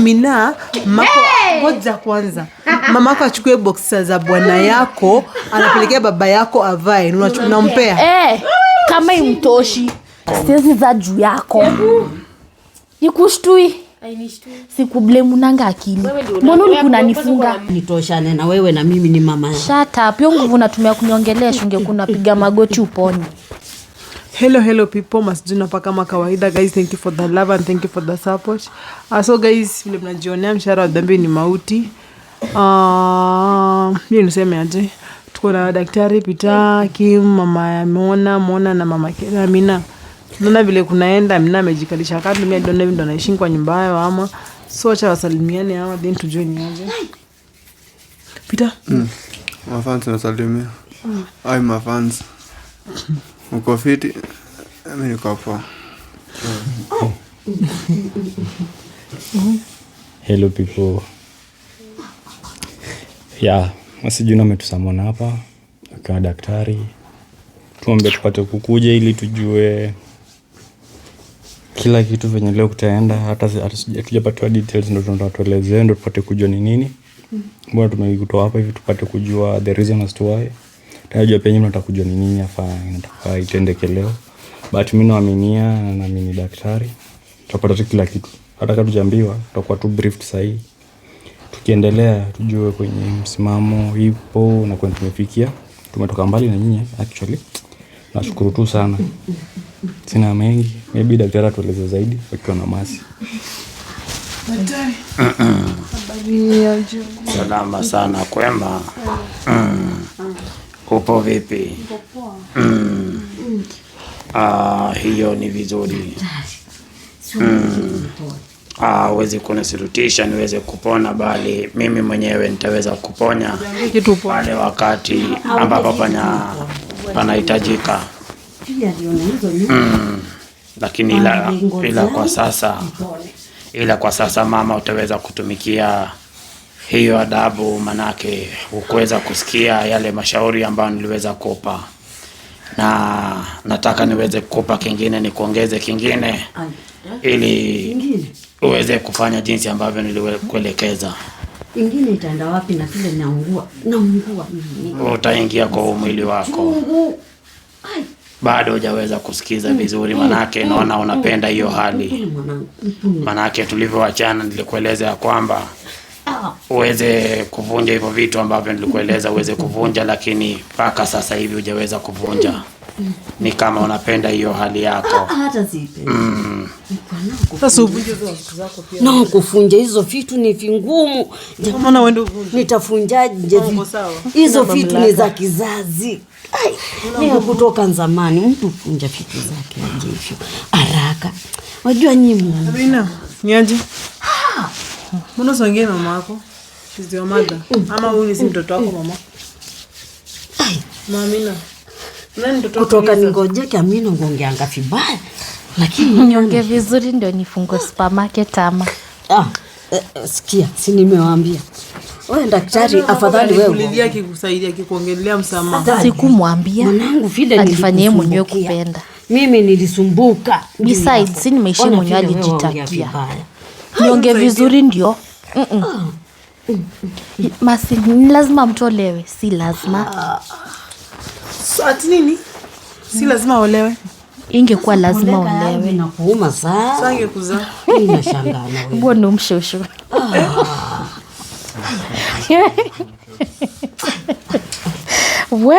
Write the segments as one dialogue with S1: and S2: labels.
S1: mina mako ngoja kwanza, mama ako achukue boksa za bwana yako anapelekea baba yako avae, unampea
S2: hey, eh, kama imtoshi sezi za juu yako nikushtui sikublemu nanga akili mbona ulikunanifunga
S3: nitoshane na wewe na mimi ni mama
S2: shata nguvu natumia shunge kunapiga magoti uponi
S1: hello hello people masijuna pa kama kawaida guys thank you for the love and thank you for the support aso ah, guys vile mnajionea mshahara wa dhambi ni mauti uh, mi niseme aje tuko na daktari pita kim mama ya mona mona na mama mina naona vile kunaenda mina amejikalisha kando mi adona ndo anaishi kwa nyumba yayo ama so acha wasalimiane ama then tujue ni aje pita
S4: mm. mafans nasalimia mm. ai mafans Uko fiti? Mimi niko Hello people. Yeah, masijuna ametusamona hapa akiwa daktari, tuombe tupate kukuja ili tujue kila kitu venye leo kutaenda. Hata hatujapatiwa details, ndo tunatuelezea ndo tupate kujua ni nini. Mbona tumekutoa hapa hivi tupate kujua the reason as to why tajua penyewe nataka kujua ni nini hapa inataka itendeke leo, but mimi naaminia na naamini daktari, tutapata tu kila kitu, hata kama tujaambiwa tutakuwa tu briefed sahihi, tukiendelea tujue kwenye msimamo ipo na kwenye tumefikia, tumetoka mbali na nyinyi actually. Nashukuru tu sana, sina mengi, maybe daktari atueleze zaidi wakiwa na masi
S5: salama sana kwema mm. Upo vipi? Mm. Mm. Ah, hiyo ni vizuri mm. Ah, uwezi kunisirutisha niweze kupona, bali mimi mwenyewe nitaweza kuponya pale wakati ambapo pana panahitajika mm. Lakini ila, ila kwa sasa ila kwa sasa mama, utaweza kutumikia hiyo adabu, manake hukuweza kusikia yale mashauri ambayo niliweza kupa, na nataka niweze kupa kingine, nikuongeze kingine ili uweze kufanya jinsi ambavyo nilikuelekeza.
S2: Ingine itaenda wapi? Na vile naungua naungua,
S5: utaingia kwa umwili wako. Bado hujaweza kusikiza mm. vizuri, mm. manake mm. naona unapenda hiyo hali, manake tulivyoachana nilikueleza ya kwamba uweze kuvunja hivyo vitu ambavyo nilikueleza uweze kuvunja, lakini mpaka sasa hivi hujaweza kuvunja. Ni kama unapenda hiyo hali yako. Ah, ah,
S2: mm. kufunja hizo vitu ni vingumu, nitafunjaje hizo vitu? Ni za kizazi ni kutoka zamani, mtu funja vitu zake hivyo haraka. Wajua nyinyi
S1: Mbona usiongee mama yako? She's your mother. Ama huyu ni mtoto wako mama? Mamina. Nani mtoto
S2: wako? Kutoka ningoje kia mimi Kamino ngongeanga vibaya. Lakini
S6: niongee vizuri ndio nifungue supermarket ama.
S2: Ah, eh, eh sikia, si nimewaambia. Wewe daktari afadhali wewe.
S1: Kulilia kikusaidia kikuongelea msamaha.
S6: Sikumwambia. Mwanangu vile alifanyie mwenyewe kupenda.
S2: Mimi nilisumbuka.
S6: Besides, si nimeishia mwenyewe alijitakia nionge vizuri ndio. Oh. masi ni Masi, lazima mtolewe, si lazima ah.
S1: so, ati nini? Si lazima olewe.
S6: Ingekuwa lazima olewe. Yaani
S2: Nakuuma sana. Sasa
S6: umshushu? Ah. We.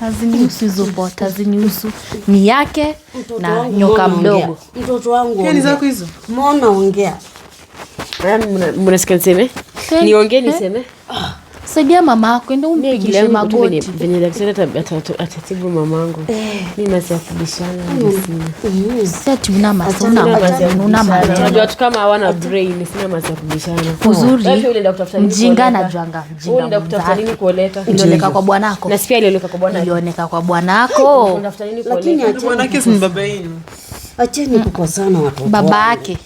S6: hazinihusu hizo bot hazinihusu ni yake na nyoka mdogo. Mtoto
S1: wangu
S2: mbona ongea?
S1: Mnasikia niseme? Niongee niseme? Ah.
S6: Saidia mama yako enda umpigishe magoti.
S3: Venye daktari atatibu mamangu. Mimi eh. nasiakubishana na
S6: sisi. Una maana
S3: unajua tu kama hawana brain, sina maana ya kubishana.
S6: Uzuri. Mjinga na janga. Mjinga. Unaenda kutafuta nini kuoleta? Ilioneka kwa bwanako.
S2: Na sipia ilioneka kwa bwanako. Ilioneka
S6: kwa bwanako. Unatafuta nini
S1: kuoleta? Lakini bwanake si baba yenu.
S2: Acheni kukosana watu,
S6: Baba yake.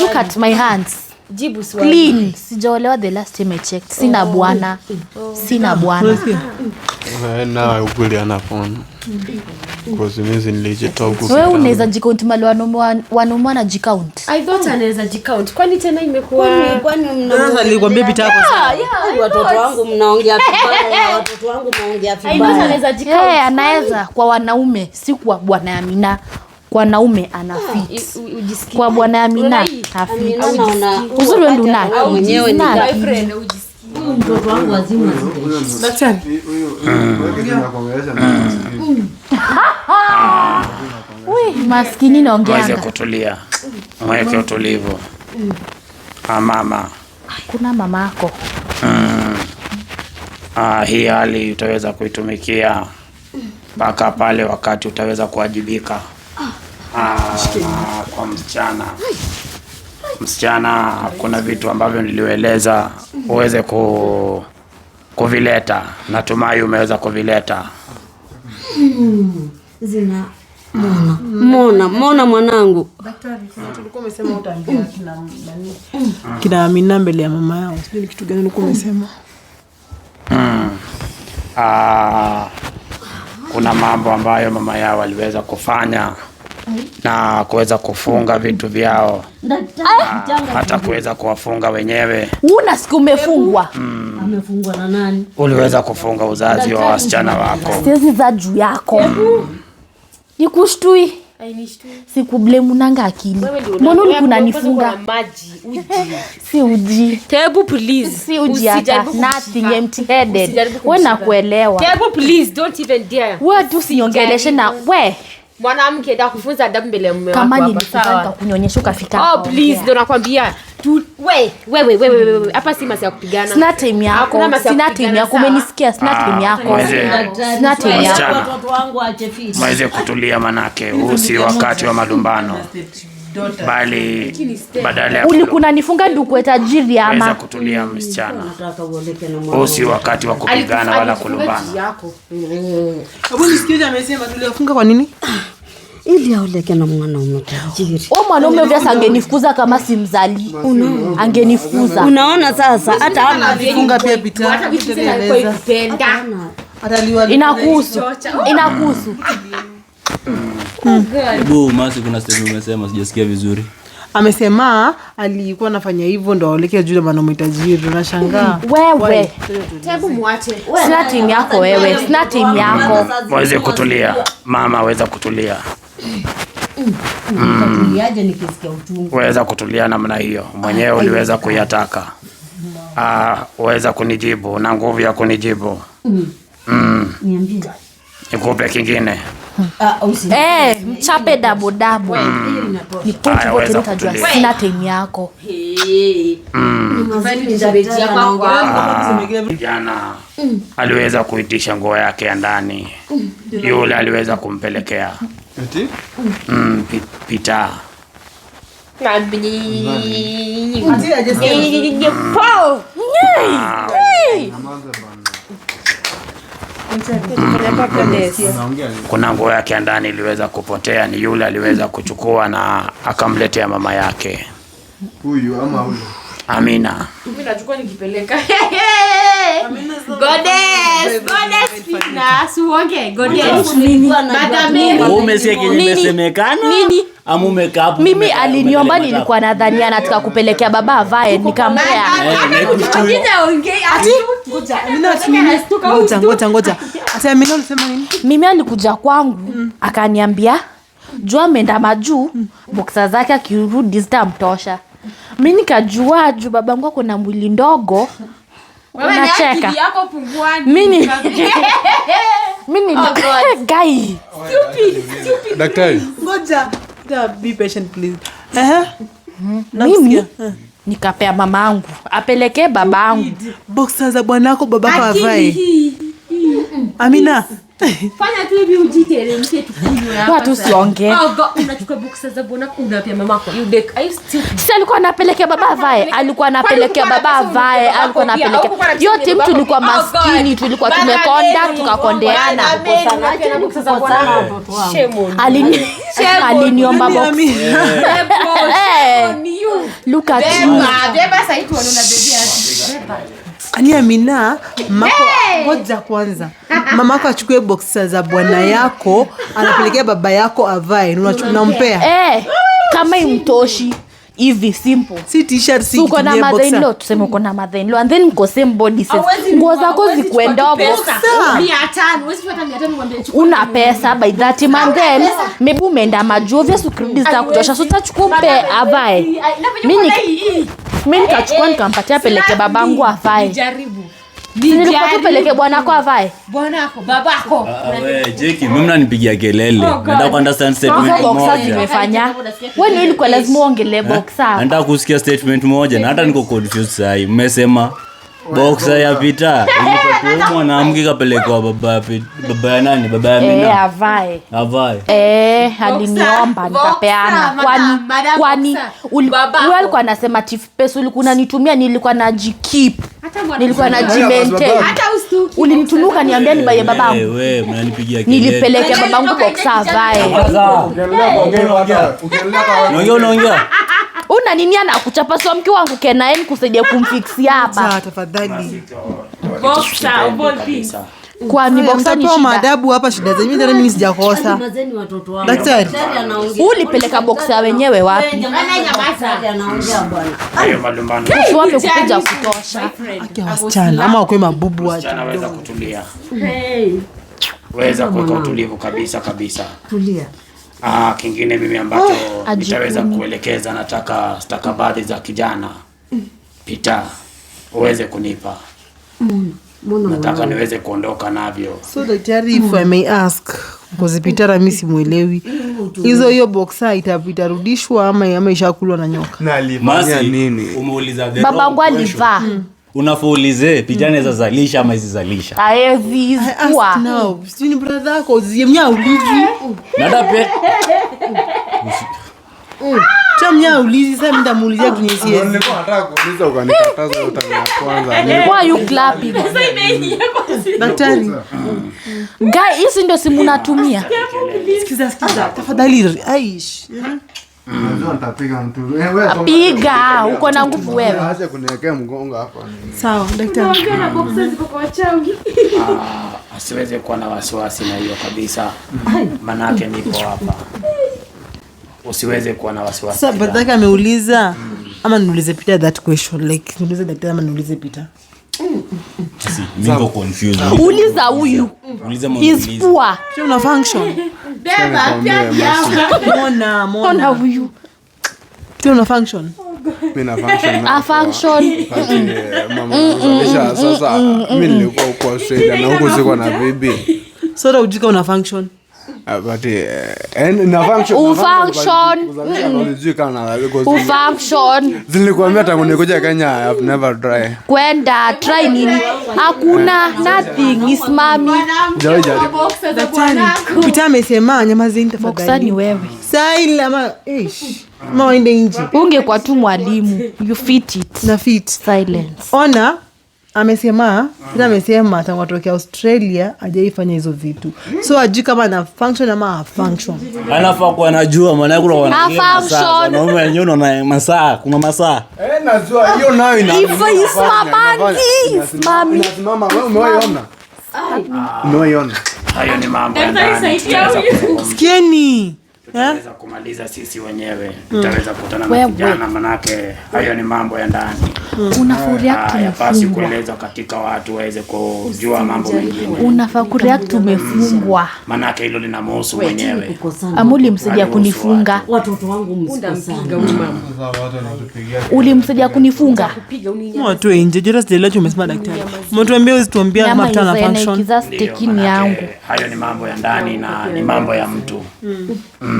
S6: Look at my hands. Jibu Clean. Sijaolewa the last time I checked. Sina oh. bwana. Sina oh. bwana.
S4: Eh, na ukweli
S6: Kwa unaweza jikaunt mali wanaume wanaume
S2: I thought anaweza tena imekuwa
S6: kwa wanaume si kwa bwana mina kwa naume anafit ah, kwa bwana Amina hafit. Uzuri wendu ndio ah. ah. maskini naongeanga,
S5: kutulia, mweke utulivu. Mama
S6: kuna mamako
S5: hii hali utaweza kuitumikia mpaka pale wakati utaweza kuwajibika. Ah, kwa msichana msichana, kuna vitu ambavyo nilieleza uweze ku, kuvileta. Natumai umeweza kuvileta.
S2: Hmm. zina Mona, Mona, mwanangu, hmm.
S1: hmm. kina Amina mbele ya mama yao, sijui kitu gani ulikuwa umesema.
S5: Ah, kuna mambo ambayo mama yao aliweza kufanya na kuweza kufunga mm. vitu vyao ah, hata kuweza kuwafunga wenyewe.
S6: Una siku umefungwa, mm. amefungwa
S5: na nani? Uliweza kufunga uzazi wa wasichana wako,
S2: sezi za juu yako mm. nikushtui Sikublemu nanga akili. Mbona ulikuna nifunga?
S6: Si uji.
S7: Tebu please.
S6: Si uji hata. Nothing empty headed. We nakuelewa.
S7: Tebu please don't even dare.
S6: We tu siongeleshe na we
S7: mwanamke takufunza adabu mbele ya mume
S6: wako ukafika.
S7: Oh please, ndo nakwambia wewe wewe wewe, hapa si masi ya kupigana.
S6: Sina time yako, sina time yako, umenisikia? Sina ah, time yako,
S5: sina time yako. maize kutulia, manake huu si wakati wa malumbano bali badala ya
S6: ulikunanifunga nduku tajiri ama
S5: kutulia msichana. Huu si wakati wa kupigana wala kulumbana.
S1: Kwa nini
S2: ili aoleke na mwanaume tajiri.
S6: Huyo mwanaume vyasa angenifukuza kama si simzali. Angenifukuza. Unaona sasa hata hana vifunga pia pita. Inakuhusu. Inakuhusu.
S4: Masi, kuna sehemu umesema sijasikia vizuri.
S1: Amesema alikuwa anafanya hivyo ndo aoleke juu, maana mhitajiri. Unashangaa
S6: mm, wewe,
S2: sina
S6: yako wewe, sina timu yako.
S5: Waweze kutulia mama, aweza kutulia Mm. mm. Weza kutulia namna hiyo mwenyewe, ah, uliweza ah. kuyataka ah, weza kunijibu na nguvu ya kunijibu mm. mm. Nikupe kingine
S6: Ah, eh, mchape dabo dabo ni pointi nitajua, sina time yako hmm.
S5: ah, jana. Hmm. Aliweza kuitisha nguo yake ya ndani, hmm. yule aliweza kumpelekea Pita kuna nguo yake ya ndani iliweza kupotea, ni yule aliweza kuchukua na akamletea ya mama yake.
S4: Huyu ama huyu?
S5: Amina.
S6: Mimi aliniomba, nilikuwa nadhani anataka kupelekea baba avae, nikampea eh, eh, eh. ati mimi alikuja kwangu mm. akaniambia jua ameenda majuu mm. boksa zake akirudi zitamtosha. Mi nikajua juu babangu akona mwili ndogo Unacheka. nikapea mamangu apelekee babangu.
S1: Boksa za bwanako babako avai. Amina.
S2: Fanya tu hivi ujiteremshe tukunywa
S6: hapa. Watu usiongee.
S2: Oh, unachukua boxes za bwana mama yako. You deck. Are you stupid?
S6: Sasa alikuwa anapelekea baba avae, alikuwa anapelekea baba avae, alikuwa anapelekea. Yote mtu ulikuwa maskini, tulikuwa tumekonda, tukakondeana. Alini aliniomba box. Look at you. Beba, beba sasa hivi unaona
S1: baby yake. Beba. Ani Amina, mamako ngoja kwanza, mama ako achukue boksa za bwana yako anapelekea baba yako avae, unampea
S6: eh, kama imtoshi hivi simple,
S1: si t-shirt, si
S6: na mother in law, tuseme uko na mother in law and then same body nguo zako zikuenda una pesa by that man, then maybe umeenda majuo vya za kutosha, so utachukua avae. Mimi nikachukua eh, eh, eh. nikampatia peleke babangu avae. Jaribu. Tupeleke bwanako avae
S2: bwanako ah, ah,
S4: kelele. Nataka ku understand
S6: statement lazima uongelee eh? boxer.
S4: Nataka kusikia statement moja na hata niko confused sasa. Mmesema boksa ya pita ilipatiwa mwanamke kapelekwa baba baba ya nani baba ya Mina eh,
S6: avae avae eh, aliniomba nikapeana. Kwani kwani wewe alikuwa anasema Chief Pesa ulikuwa unanitumia, nilikuwa najikip nilikuwa najimaintain. Ulinitumia ukaniambia nibaye eh, babangu, nilipelekea babangu boksa avae. Unaongea unaongea una nini? Anakuchapa so mke wangu kenaye kusaidia kumfixia hapa.
S1: Kwani Maadabu hapa shida zenyewe tena mimi sijakosa. Daktari.
S6: Ulipeleka boksa wenyewe wapi? Wapi kutosha.
S1: Aki wasichana ama wakwe mabubu
S5: kutulia. Weza kuweka utulivu kabisa kabisa. Tulia. Ah, kingine mimi ambacho nitaweza kuelekeza nataka stakabadhi za kijana Peter uweze kunipa mm. Nataka niweze kuondoka navyo.
S1: So daktari, if mm. I may ask, kuzipitara mimi simwelewi hizo hiyo boksa itarudishwa ama ama ishakulwa na nyoka?
S6: Baba ngwa alivaa hmm.
S4: unafaulize pijana mm. izazalisha ama izizalisha
S1: ni brother yako ziemnya ulizi
S6: Hizi ndo simu natumiapiga eh, uko na nguvu wewesiwezi
S5: ah, kuwa na wasiwasi na hiyo kabisa, manake nipo hapa usiweze kuwa na wasiwasi.
S1: Sasa badaka ameuliza ama niulize Peter that question like niulize daktari ama niulize Peter.
S6: Uliza huyu
S1: Sio una function Beba pia Mona mona. huyu Sio una function
S4: function.
S6: A eh, sasa Mimi
S1: nilikuwa kwa Australia na huko ziko na bibi Sasa ujika una function
S4: Uh, uh,
S6: uh,
S4: Zilikuambia tangu nikuja Kenya I've never try.
S6: Kwenda try nini? Hakuna nothing is mami.
S1: Pita amesema tafadhali. ni wewe. Saila ish. Maende nje.
S6: Ungekuwa tu mwalimu. You fit it. Na fit. Silence.
S1: Ona amesema tena, ah. amesema tangu atokea Australia ajaifanya hizo vitu, so ajui kama ana function ama ha function.
S4: kuwa anajua, maana kuna wanaume unaona masaa, kuna masaa eh, najua
S6: hiyo nayo ina Wewe
S4: umeona umeona
S5: hayo ni mambo,
S1: sikieni
S5: tutaweza kumaliza sisi wenyewe, hmm. tutaweza kukutana na kijana, manake hayo ni mambo ya ndani
S6: hmm. ah,
S5: yapasi kueleza katika watu waweze kujua mambo mengine.
S6: Unafaa kureact, umefungwa, hmm.
S5: manake hilo linamhusu mwenyewe.
S6: Amuli msaidia kunifunga watoto wangu, ulimsaidia kunifunga
S1: watu wenje jera sijaelewa chumesema daktari, mtuambia usituambia
S6: mafuta na function,
S5: hayo ni mambo ya ndani na ni mambo ya mtu mm. Mm.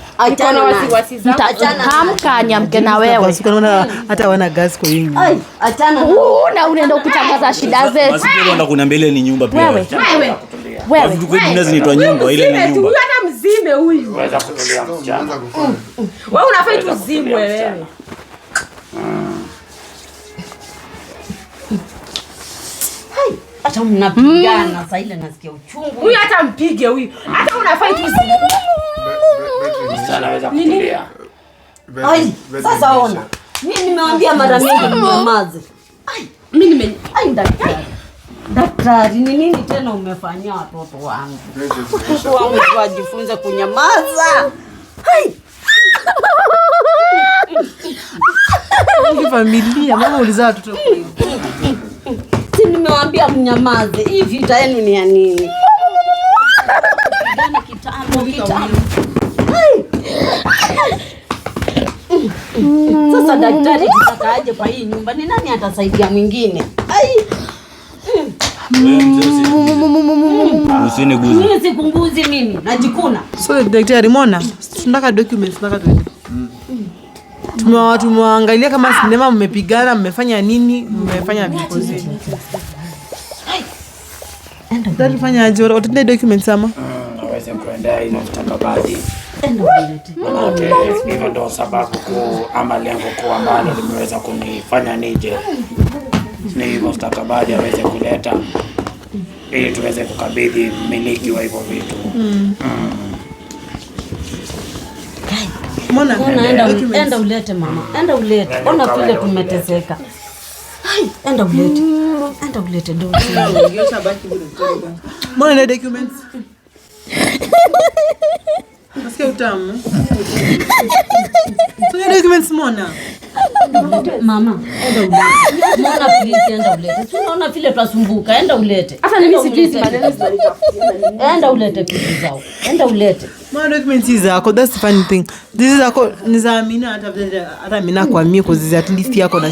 S6: hamkanyamke na wewe
S1: hata wana gas kwa wingi
S6: na unaenda kutangaza shida zetu.
S4: Kuniambia ile ni nyumba pia wewe wewe, zinaitwa nyumba,
S2: ile ni nyumba. Mzime huyu wewe, unafaa tuzimwe wewe. hata mnapigana mm. saa ile nasikia uchungu.
S6: Huyu hata mpige huyu. Hata unafai tu.
S2: Ai, sasa ona. Mimi nimewaambia mara mingi mnyamaze. Ai, mimi nime ai daktari. Daktari, ni nini tena umefanyia watoto wangu? Watoto wangu wajifunze kunyamaza. Ai.
S1: Familia, mama ulizaa watoto.
S2: si nimewambia mnyamaze. Hii vita yenu ni ya nini? Sasa daktari
S1: aje kwa hii nyumba, ni nani atasaidia mwingine? Mimi sipunguzi, mimi najikuna. So daktari, mona tunataka documents, tunataka tumewaangalia kama sinema, mmepigana, mmefanya nini, mmefanya vikozi daktari fanya aje? Watatenda documents ama
S5: aweze ah, kuendea ile mstakabadhi. Hivyo ndo sababu kuu ama lengo kuu ambalo limeweza kunifanya nije ni hivyo mstakabadhi aweze kuleta ili tuweze kukabidhi mmiliki wa hivyo vitu.
S2: Mbona hmm. enda ulete mama, enda ulete, ona vile tumeteseka enda ulete. Mm. Enda ulete
S1: Mbona na documents? Nasikia utamu. documents mbona?
S2: Mama, enda ulete. Mbona please enda ulete. vile twasumbuka, enda ulete. Hata mimi maneno Enda ulete zao. Enda ulete.
S1: Mbona documents zako? That's the funny thing. This is hata hata kwa mimi kwa at least yako na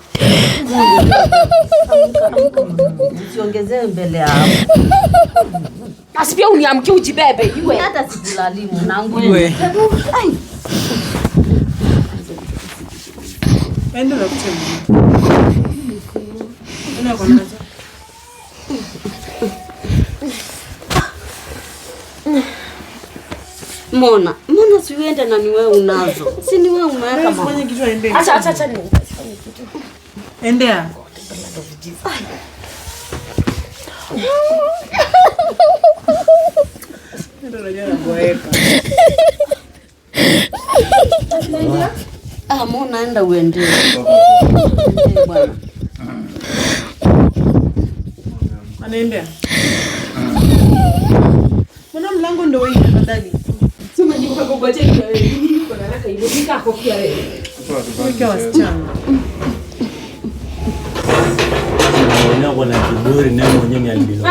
S2: Usiongezee mbele yao. Basi pia uniamkie ujibebe. Hata sikulali mwanangu. Mona, mbona siuende na ni wewe unazo? Si ni wewe unaweka mama. Acha acha acha. Endea. Ah, naenda uende
S1: Anaendea. Mbona mlango ndio wewe afadhali? Sema ni kwa kugoje wewe. Kwa haraka imekaa kofia wewe. Weka wasichana mwenyewe na kiburi, naye mwenyewe ni albino